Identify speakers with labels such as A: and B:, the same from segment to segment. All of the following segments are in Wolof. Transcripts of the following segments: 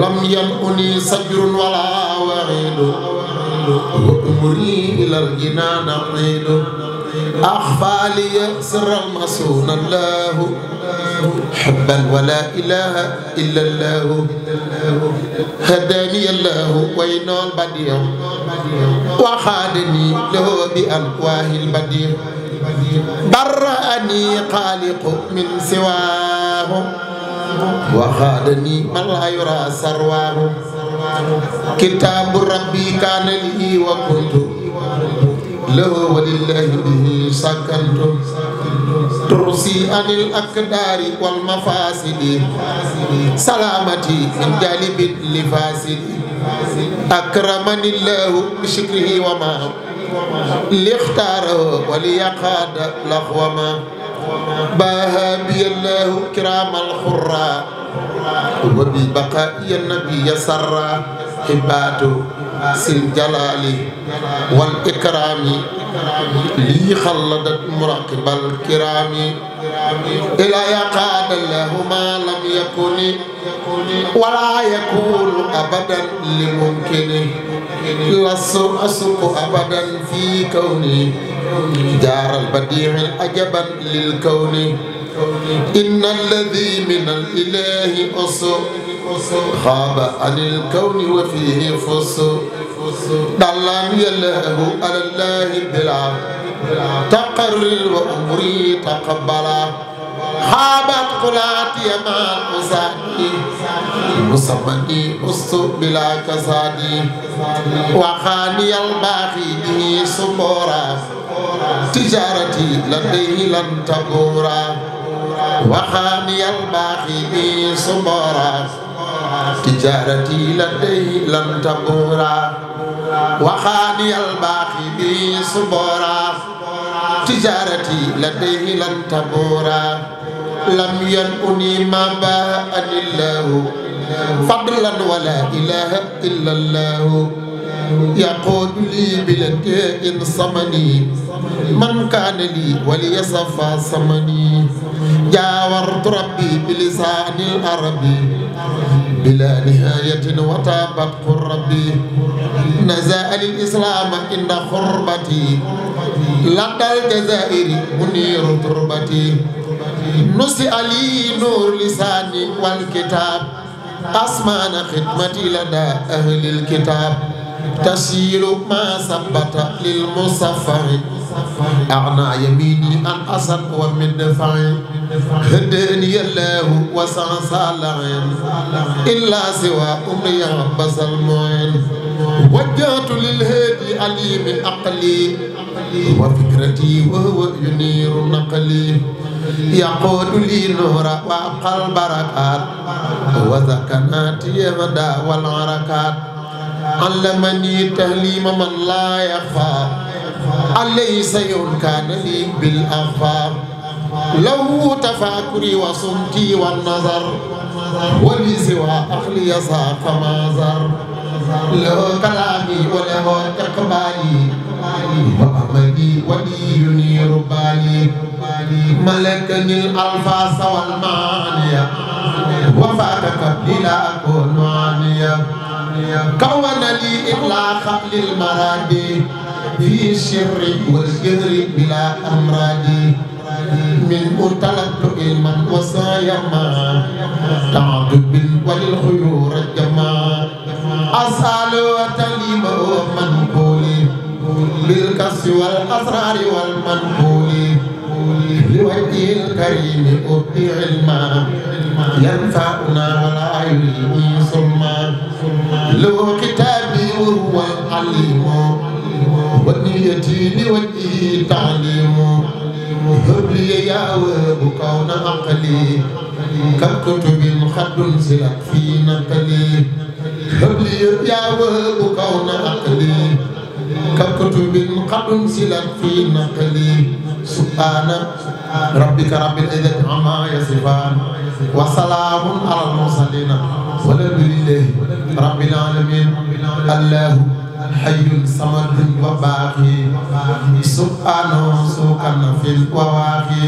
A: لم
B: يمني سجر ولا وعيد وأمري إلى الجنان عيد أخفى لي سر المصون الله حبا ولا إله إلا الله هداني الله وين البديع وخادني له بألواه البديع برأني خالق من سواه وخادني ما لا يرى سرواه كتاب ربي كان لي وكنت له ولله به سكنت ترسي عن الأقدار والمفاسد سلامتي من جالب لفاسد أكرمني الله بشكره وما لاختاره وليقاد لخوما باهابي الله كرام الخرى وببقاء النبي سرى حبات سل جلالي والإكرام لي خلدت مراقب الكرام إلى يقاد الله ما لم يكن ولا يكون أبدا لممكن لست أسق أبدا في كوني جار البديع عجبا للكون إن الذي من الإله أصو خاب عن الكون وفيه فص دلان يله على الله بلا تقرر وأمري تقبلا خابت قلاتي مع أسادي مصمني أص بلا كسادي وخاني الباقي به سمورا تجارتي لديه لن تبورا وخاني الباقي بي صبرا تجارتي لديه لن تبورا وخاني الباقي بي صبرا تجارتي لديه لن تبورا لم ينقني ما باء الله فضلا ولا إله إلا الله يقول لي بلدي إن صمني من كان لي وليصفى صمني جاورت ربي بلسان العربي بلا نهاية وتابت قربي نزاء للإسلام عند خربتي لدى الجزائر منير تربتي نسي لي نور لساني والكتاب أسمان خدمتي لدى أهل الكتاب تشيل ما ثبت للمسافر أعنى يميني أن أسد ومن دفعي هداني الله وسع صالعين إلا سوى أمي رب سلمين وجهت للهادي عليم أقلي وفكرتي وهو ينير نقلي يقود لي نورا وأبقى البركات وذكناتي غدا والعركات علمني تهليم من لا يخفى عليه سير كان لي بالأخفى له تفاكري وصمتي والنظر ولسوى أخلي صاف مازر له كلامي وله إقبالي وأملي وليني ربالي ملكني الألفاظ والمعاني وفاتك بلا أكون معانيا كون لي إطلاقا للمراد في سر والجذر بلا أمراض من أتلت علما وصايا ما تعدد وللخيور الجماع أسأل وتليم ومنقول بالكسر والأسرار والمنقول لوجه الكريم أبد علما ينفعنا ولا يلوي صلما له كتابي وهو العليم ونيتي لوجهه تعليم هب لي يا وهب كون عقلي ككتب خد سلك في نقلي هب لي يا وهب كون عقلي ككتب خد سلك في نقلي subhaana rabbika rabbil izzati ammaa yasifaan wa salaamun alal mursaliin walhamdulillaahi rabbil aalamiin allaahu hayyun samadun wa baaqi subhaanahu suukan fil wawaaqi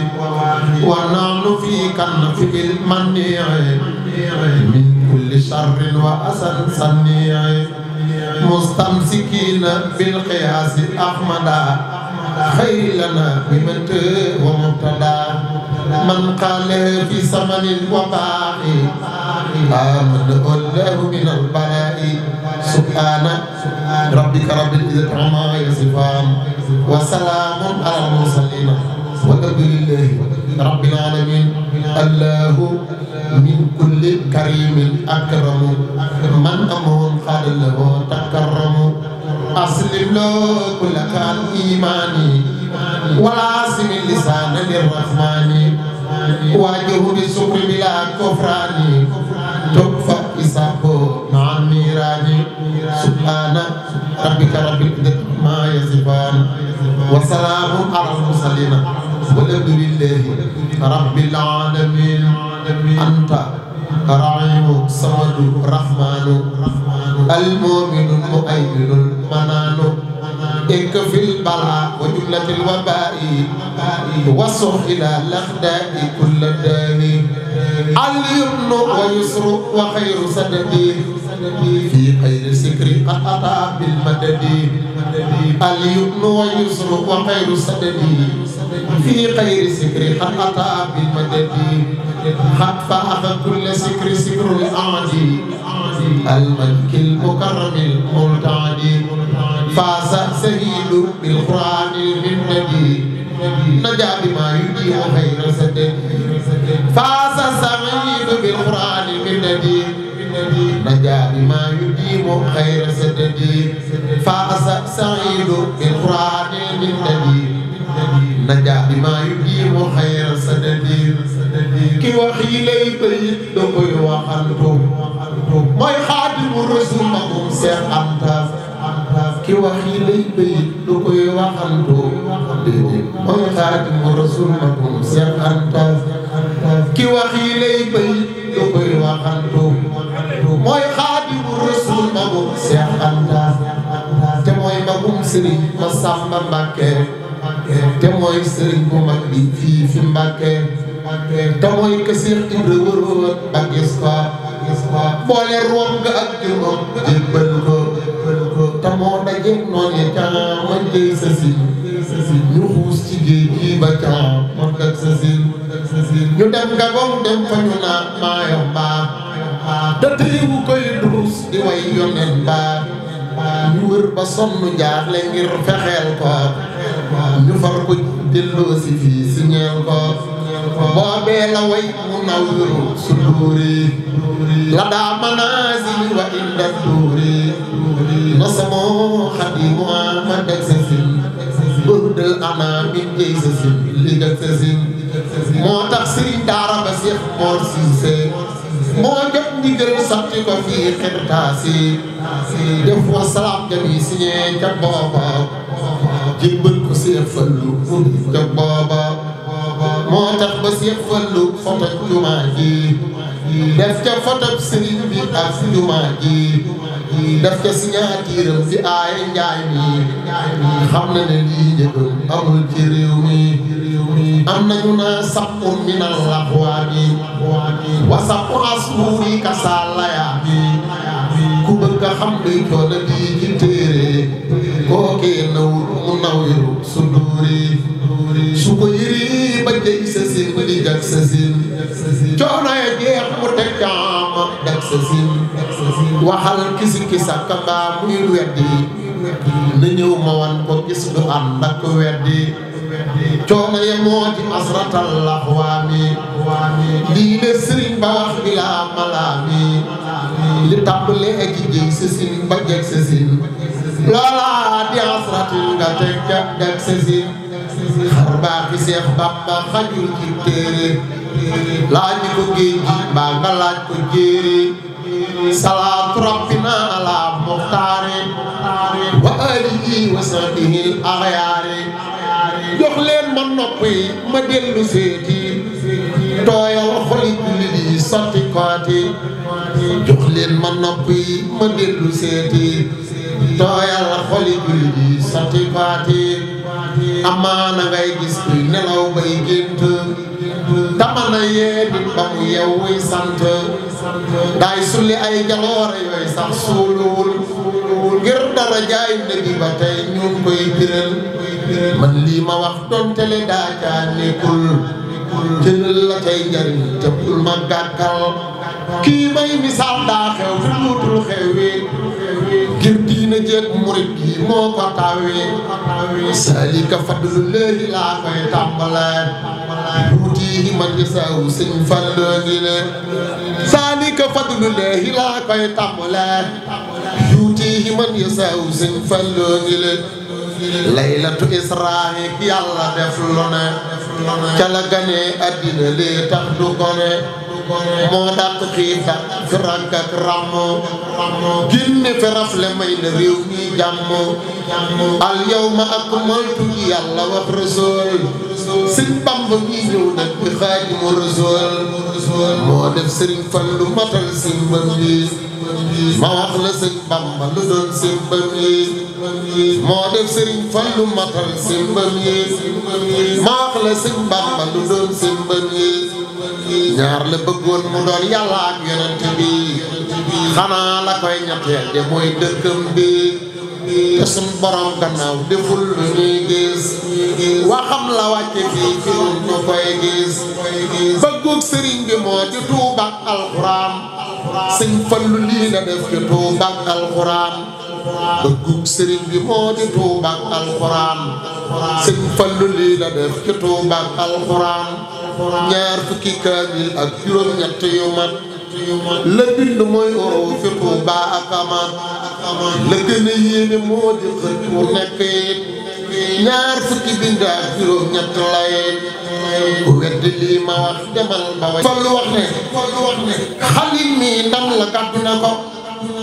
B: wa nahnu fii kan fil manni min kulli sharrin wa asan sanni mustamsikiina bil qiyaasi ahmada خير لنا بمنت ومبتدا من قاله في سمن الوباء آمن الله من البلاء سبحان ربك رب العزة عما يصفون وسلام على المرسلين والحمد لله رب العالمين الله من كل كريم أكرم من أمر قال له تكرم أسلم له كل كان إيماني ولا أسم اللسان للرحمن واجه بالشكر بلا كفران تكفى حسابه مع الميران سبحان ربك رب العزة ما يصفان وسلام على المرسلين والحمد لله رب العالمين أنت رعيم صمد رحمن رحمن المؤمن المؤمن المنان إنك في البلاء وجملة الوباء وصف إلى الأخداء كل داني اليمن ويسر وخير سددي في خير سكر قد أتى بالمدد اليمن ويسر وخير سددي في خير سكر قد أتى بالمدد قد فأخذ كل سكر سكر الأعدي الملك المكرم الملتعد فاز سهيل بالقران المندي نجا بما يجيء خير سد فاز سعيد بالقران المندي نجا بما يجيء خير سد فاز سعيد بالقران المندي نجا بما يجيء خير سد كي وخي لي بيت دوي وخلقه rusumakum Seex Anta ki wax lay béy du koy waxantoo déedéet mooy xaadimu rusumakum Seex Anta ki wax lay béy du koy waxantoo mooy xaadimu rusumakum Seex Anta te mooy magum Sëriñ Masamba Mbàkke te mooy sëriñ bu mag bi fii te mooy que Seex Ibra ba gis ko boole room nga ak juróom jébbal ko te moo dajeeg noonu yi caaman jëy sa ñu xuus ci géej gi ba caam man ñu dem nga bom dem fa ñu naan maayo mbaa te téewu koy duus di way yonen baa ñu wër ba sonn jaaxle ngir fexeel ko ñu far ko delloo fii si ñeel ko boobee la way mu nawiru suduuri la daa manaazil wa inda duuri nasamoo xadimu amad ak sasin bëhdal anaamin jëy sasin ligal sasin moo tax sëriñ ba Seex Mor Siise moo jot ndigal sotti ko fii xirtaasi def wa salaam jami siñee ca booba jébbal ko Seex Fallu ca booba moo tax ba Seex Fallu foto jumaa ji def ca foto sëriñ bi ak jumaa ji def ca signaturam bi aaye njaay xam na ne lii njëgëm amul ci réew mi am nañu naa saqun min al-aqwaami wa saqu asbuuri kasaalayaa bi ku bëgg a xam luy coono lii ci téere kookee nawul mu nawiru su duuri su ko yëri dey sa sin mu coono ya jeex mu teg caamam gag sa sin waxal kisi kisa ka mbaa muy weddi na ma wan ko gis du ànd ak weddi coono ya moo ci asratal laxwaani lii de sëriñ ba wax bi laa malaami li tàmbalee ci jëy sa sin ba jeg sa sin loolaa di asratil nga teg gag sa sin baaxi Seex Bàmba xajul ci téere laaj ko géej gi mbaa wa alihi wa sahbihi al axyaare ma nopp ma dellu seeti tooyal xoli jullit yi sotti kooti jox leen ma nopp yi ma dellu seeti tooyal xoli jullit yi sotti kooti amaana ngay gis kuy nelaw bay gént dama na yee nit ba mu yewwuy sant daay sulli ay jaloore yooyu sax suuluwul ngir dara jaay nabi ba tey ñu koy man lii ma wax donte le daa caa nekkul jëlal la tey njariñ jëppul ma gàkkal kii may misaal daa xew fi muutul xew jéeg murit gi moo ko tawee salika fadlu léegi laa koy tàmbalee tuuti man gi saw sëñ Fallu ngi ne salika fadlu léegi laa koy tàmbalee tuuti man gi saw sëñ Fallu ngi ne laylatu israhi yàlla def lu ne ca la ganee addina lee tax du ko ne moo dàq xiif dàq fi ràgg ak ràmm génne fi rafle may na réew mi jàmm al yawma akmaltu yàlla wax rasul sëñ bàmb ñi ñëw nag bi xaadimu rasul moo def sëriñ fan lu matal simbam yi ma wax la sëñ bàmba lu doon simbam yi moo def sëriñ fallu matal simbam yi maax la sëñ Bàmba lu doon simbam yi ñaar la bëggoon mu doon yàlla ak yonent bi xanaa la koy ñetteel de mooy dëkkam bi te suñ borom gannaaw deful lu ñuy gis waxam la wàcce fii fi ñu koy gis bëggug sëriñ bi moo ci tuubak alxuraan sëñ fallu lii la def ci tuubak alxuraan bëggug sëriñ bi moo di Tuuba ak alxuraan sëñ Fallu lii la def ci alxuraan ñaar fukki kaamil ak juróom-ñett yu la bind mooy oroo fi Tuuba ak la gën a moo di xët mu nekk ñaar fukki bind ak juróom-ñett lay ku wedd lii ma wax demal ba wax ne Fallu mi ndam la gàddu ko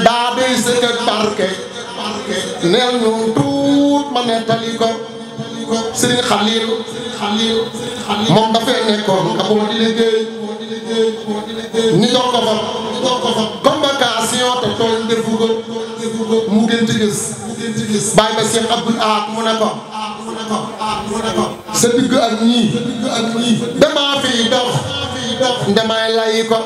B: daa doy sëkk ak barke neel ñu tuut ma nettali ko Serigne Khalil moom dafay nekkoon nga moo di liggéey ñu jox ko fa convocation a tooñ defu ko mu gën ci gis bàyyi ba Cheikh a Ahad mu ne ko sa digg ak ñii damaa fiy dox ndamaay layi ko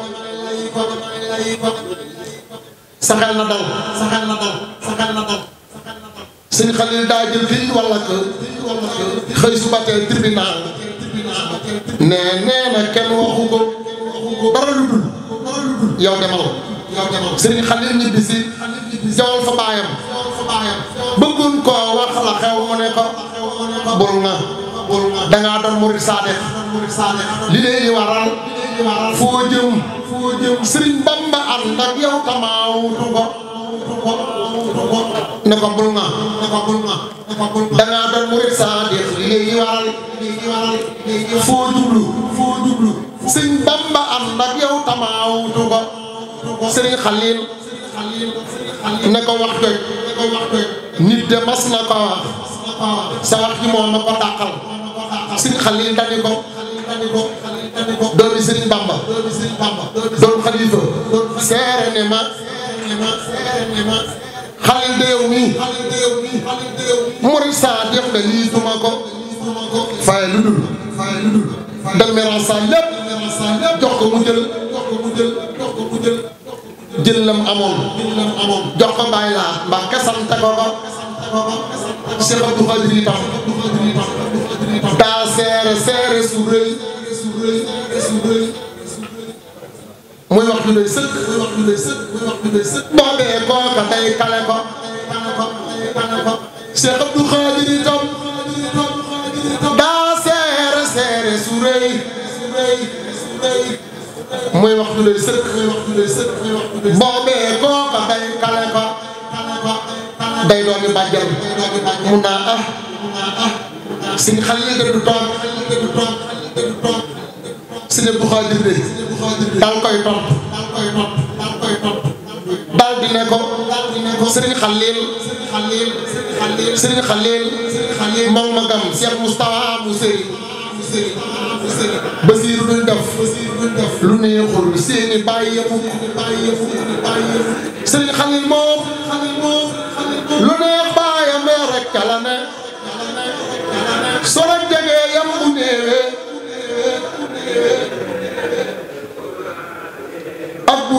B: sa na dal
A: sa xel na dal
B: sa xel na xëy su batee tribunal ne nee na kenn waxu ko dara dul yow demal sëñ Xalil ñibbi si jawal fa baayam koo wax la xew mu ne ko bul na dangaa doon murit li léegi waral foo jëm foo Bamba ànd ak yow ko ne ko ne ko bul nga dangaa doon murit saadiq lii waral foo foo jublu sëñ Bamba ànd ak yow tamaa wutu ko sëriñ Xalil ne ko wax joj nit de na ko sa wax ji moo ko dàqal sëriñ Xalil dani ko doomi sëriñ Bamba doon xalifa seere ne ma xalil déew mi murid saadiq de lii duma ko faye lu dul dal meran lépp jox ko mu jël jël amoon jox ko bàyyi laa mbaa kesam te ko ko Cheikh Abdou Khadir yi tax daa seere seere su muy wax ju doy sëkk muy wax ju doy sëkk muy wax ju doy sëkk boo dee kooka tey kale ko Cheikh Abdou Khadir itam daa seere seere su rëy muy wax ju doy sëkk muy wax ju doy sëkk boo dee kooka tey kale ko day doomi bàjjal mun naa ah sin xal yi du toog sëñ Abdou Khadir de da nga koy topp daal di ne ko sëriñ Xalil sëriñ Xalil moom ma gam Cheikh Moustapha mu sëriñ Basiiru duñ def lu neexul seeni bàyyi yëpp sëriñ Xalil moom lu neex bàyyam rek la ne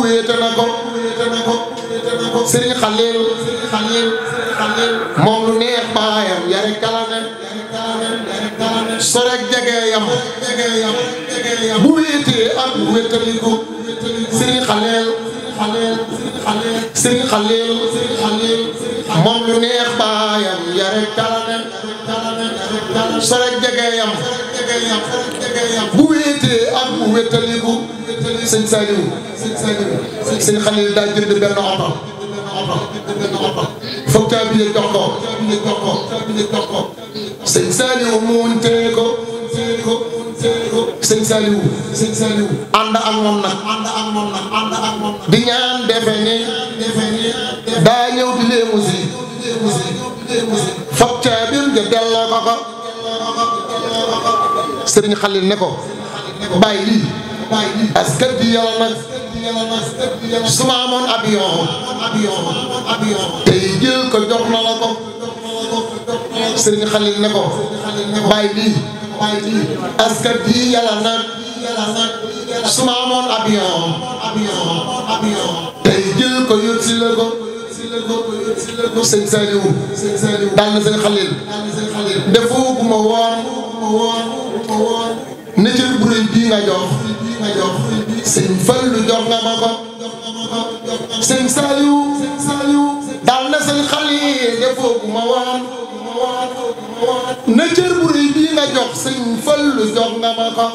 B: wéete na ko sëriñ Xaliil moom lu neex baayam yare kalame sorek jegeeyam bu wéetee ak wéetaliku sëriñ Xaliil moom lu baayam yare kalame sorek jegeeyam bu wéetee ak mu wéttaliku sëñ Saliou sëñ Khalil daa jënd benn oto foog caabiye jox ko sëñ Saliou muñ tee ko sëñ Saliou sëñ Saliou ànd ak moom nag di ñaan defe ni daa ñëw di léemu si foog caabir nga delloo ko sëriñ Xalil ne ko bàyyi lii askan bi yow nag su ma amoon avion tey jël ko jox na la ko sëriñ Xalil ne ko bàyyi lii askan bi yàlla nag su ma amoon avion tey jël ko yót si la ko sëñ Saliou daal na sëñ Xalil defoo gu ma woon ne cër bu bii nga jox nga jox sëñ jox nga ma ko sëñ daal na sëñ xali defoogu waan ne cër bii nga jox sëñ Fallu jox nga ma ko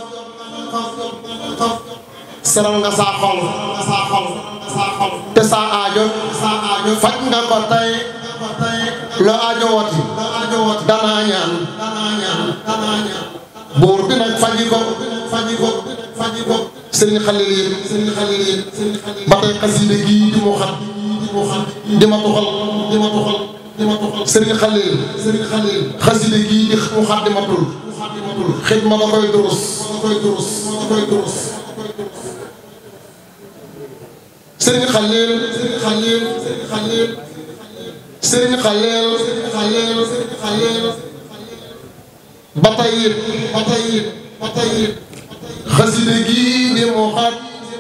B: nga saa xol te saa aajo faj nga ko tey loo aajo woti danaa ñaan buur bi nag faji ko faji ko faji ko sëriñ xalil yi sëriñ xalil ba tey xasida di ma xat ma tuxal di ma xalil sëriñ di mu xat ma tul xidma da koy durus da koy durus xalil sëriñ xalil sëriñ xalil sëriñ xalil ba tey it ba tey it ba tey it xasida gii di mu xaaj di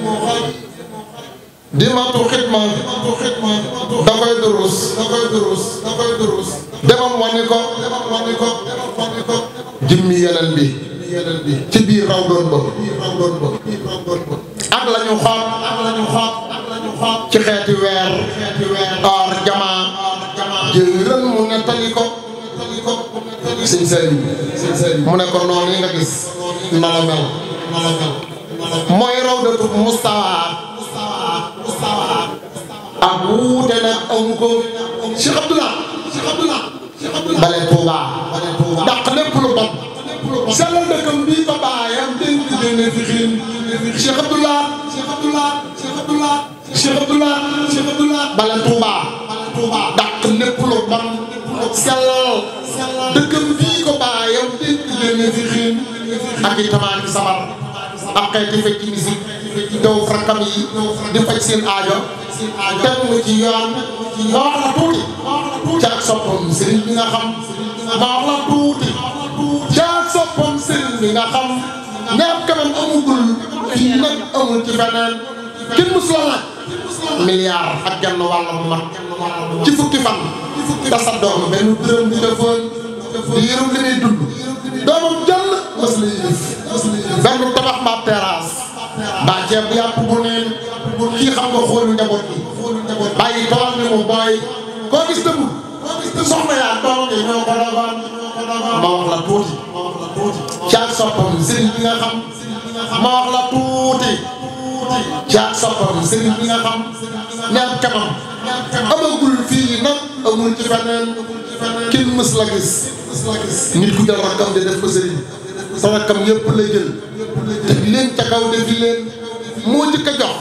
B: mu xaaj di matu xitma da koy durus da koy durus da koy durus demam wàññi ko demam wàññi ko demam wàññi ko jëmmi yeneen bi ci biir raw doon ba ak la ñu xool ak la ñu xool ci xeeti weer or jamaa jërë sëñ Saliou mu ne ko noonu yi nga gis na la mel mooy rawdatu mustawaa ak wuute na amu ko Cheikh Abdoulaye bale Touba dàq lépp lu bon sellal dëkkam bii ba baayam dénk dénne fi xiin Cheikh Abdoulaye Cheikh Abdoulaye Cheikh Abdoulaye bale Touba dàq lépp lu bon sellal dëkkam bii ko baayam dégg leen fi xiin ak i tamaani sabar ak xeeti fecc musique daw rakkam yi di faj seen aajo teg mu ci yoon ma wax la tuuti ci ak soppam sëriñ bi nga xam ma wax la tuuti ci xam neef kanam amugul fii nag amul ci feneen kenn mës la laaj milliard ak genn wàll bu mag ci fukki fan da sa doom benn dërëm di defoon di yërëm li dund doomam jël mës la tabax mbaa terrasse mbaa yàpp bu neen kii xam nga xoolu njaboot bàyyi tool ni mu booy koo gis dëgg soxna yaa doom yi ñoo ko doon ma wax la tuuti ci ak soppam sëriñ bi nga ma wax la tuuti ca Sappar sëriñ bi nga xam ne am kanam amagul fii nag amul ci feneen kin mës la gis nit ku jël rakkam de def ko sëriñ sa rakkam yëpp la jël teg leen ca kaw def leen moo jëkk a jox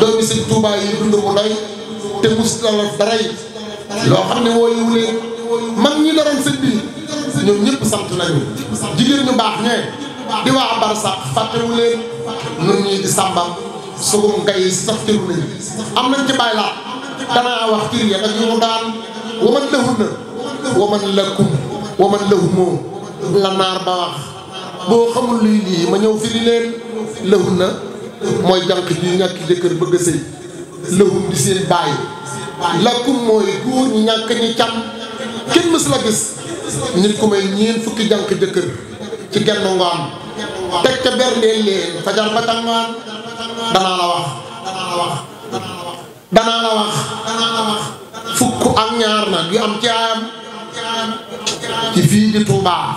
B: doomi sëñ Tuubaa yi dund bu doy te mus la la loo xam ne wooyuwu leen mag ñi doroon sëñ bi ñoom ñëpp sant nañu jigéen ñu baax ñee di waa barsax fàttewu leen nun ñii di sàmbam sugum ngay sax tiru am nañ ci laa danaa wax kir ya ak yu daan waman lahu na waman lakum waman lahu moom la naar ba wax boo xamul luy lii ma ñëw firi leen lahu na mooy jànq ji ñàkk jëkkër bëgg a sëy lahum di seen bàyyi lakum mooy góor ñi ñàkk ñi cam kenn mës gis nit ku may ñeen fukki jànq jëkkër ci genn ngoon teg ca berndeel leen fajar ba tàngoon danaa la wax la wax fukk ak ñaar nag yu am ci ayam ci fii di Touba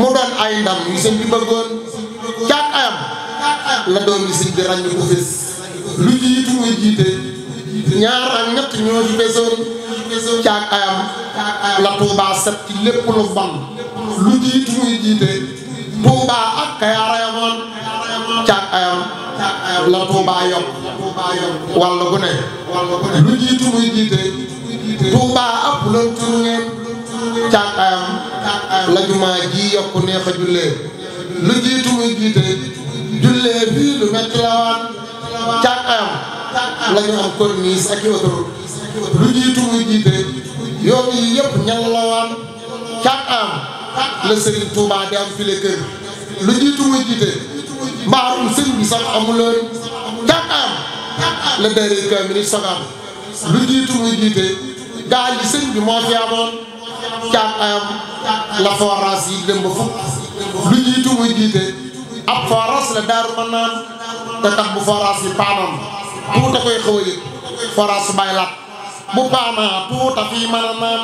B: mu doon ay ndam yu sëñ bi bëggoon caat la doon yi sëñ bi ràññ ko fis lu jiitu muy jiite ñaar ak ñett ñoo fi besoon caag la Touba set ci lépp lu bon lu jiitu muy jiite Touba ak Kayaar ayamoon caag la Touba yokk wàll gu ne lu jiitu muy jiite Touba ab la turngeen la jumaa ji yokk neex a jullee lu jiitu muy jiite jullee bii lu metti la waan la ñu am corniche ak i autoroute lu jiitu jiite yoon yi yëpp ñan la waan cat am la Serigne Touba di am file kër lu jiitu muy jiite mbaarum sëñ bi sax amuloon cat am la déree kër yi soog am lu jiitu jiite gaal yi sëñ bi moo fi amoon cat am la forage yi dem fukk lu jiitu jiite ab forage la daaru mën naan te tax bu forage yi paanoon. tuuta koy xaw a yëg foras bay laat bu paanaa tuuta fii mën a naan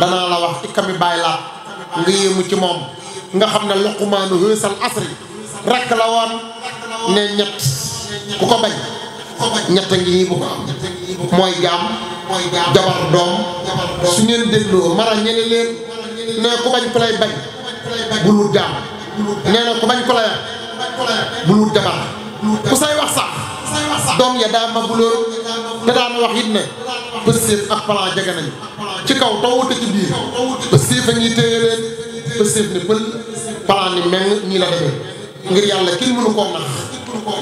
B: danaa la wax ikami bay laat nga yéemu ci moom nga xam ne luqumaanu hësal asri rakk la woon ne ñett ku ko bañ ñett ngi ñi bu mooy jaam jabar doom su ngeen dégloo mara ñene leen nee ku bañ ku lay bañ bul jaam nee ku bañ ku lay bul jabar ku say wax sax doom ya daa mabuloo te daana wax it ne pëstéef ak palaa jege nañu ci kaw tawute ci biir pëstéef a ngi téye leen ni pël palaa ni meng ñii la demee ngir yàlla kenn mënu koo nax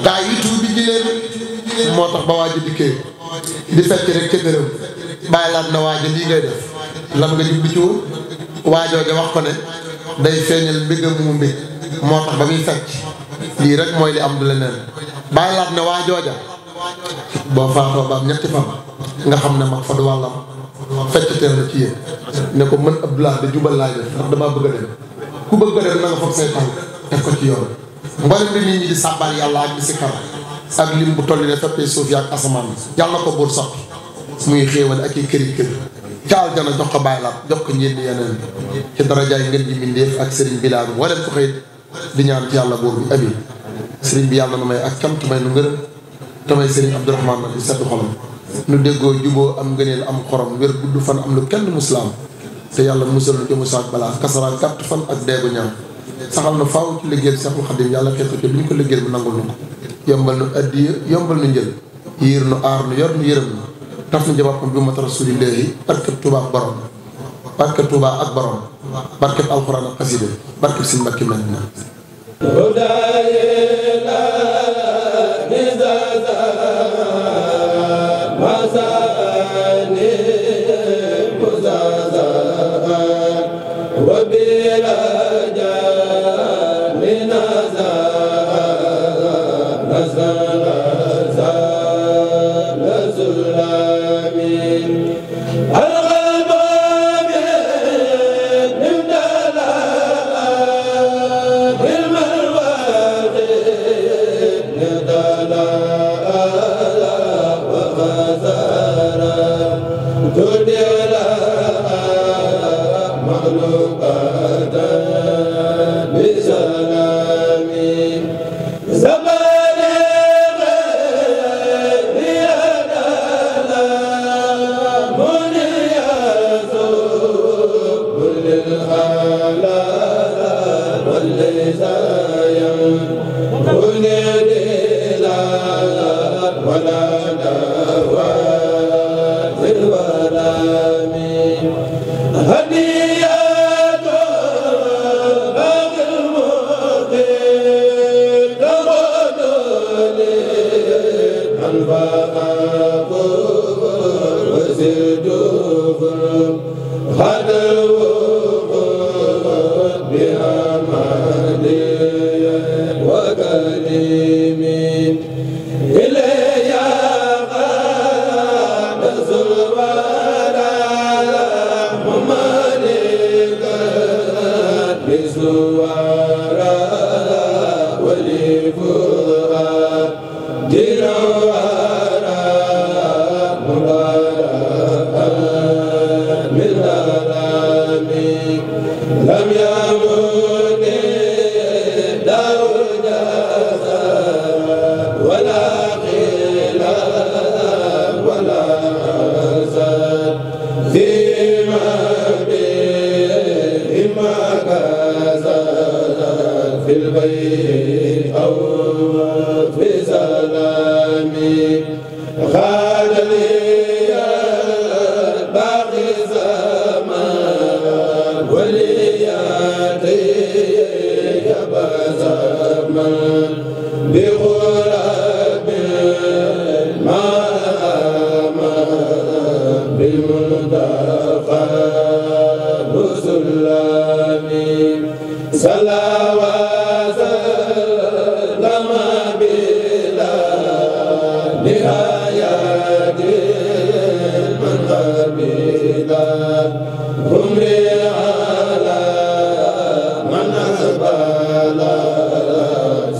B: daa yitu bi jileen moo tax ba waaja dikkee di fekk rek ca gërëm lii ngay def lam nga jublu ci woon waajooja wax ko ne day feeñal mbégam mu mbég moo tax ba muy fecc lii rek mooy li am du leneen bàyyi laat ne waa jooja boo faatoo ba am ñetti fan nga xam ne mag fa du wàllam fecc teer na ci yéen ne ko mën Abdoulaye da jubal laa def ndax damaa bëgg a dem ku bëgg a dem na nga foog say tànk teg ko ci yoon mboolem bi nit ñi di sàbbal yàlla ak di si kara ak lim bu toll ne feppee suuf yi ak asamaan bi yàlla ko buur soppi muy xéewal ak i këri këri ca aljana jox ko bàyyi laat jox ko njënd yeneen ci darajaay ngeen ji mbindeef ak sëriñ bilaal wa ko di ñaan ci yàlla buur bi sëriñ bi yàlla nu may ak cant may nu ngërëm tamay sëriñ Abdourahmane na di sedd xolam nu déggoo juboo am ngëneel am xorom wér gudd fan am lu kenn muslaam te yàlla musal nu jëmu saak balaa kasara gàtt fan ak deegu na faaw ci liggéeyal Seexul Xadim yàlla xeetu ci lu ñu ko liggéeyal bu nangul nu ko yombal nu addiya yombal nu njël yiir nu aar nu yor nu yërëm nu taf nu jabatam bi mat rasulillahi barkeb Tuubaa ak borom barkeb Tuubaa ak borom barkeb alxuraan ak xasida barkeb Sëriñ Mbàkke Madina
A: وبي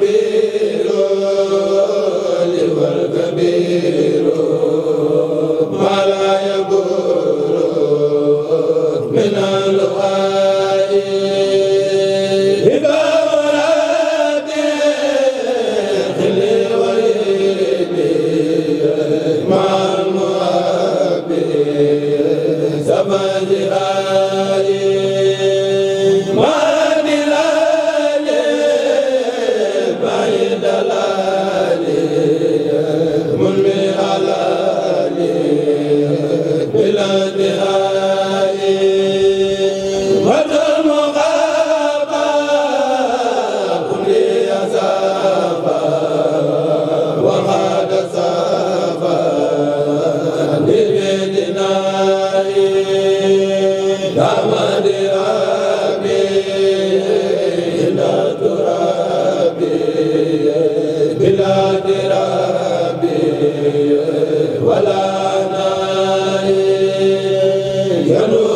A: be Hello.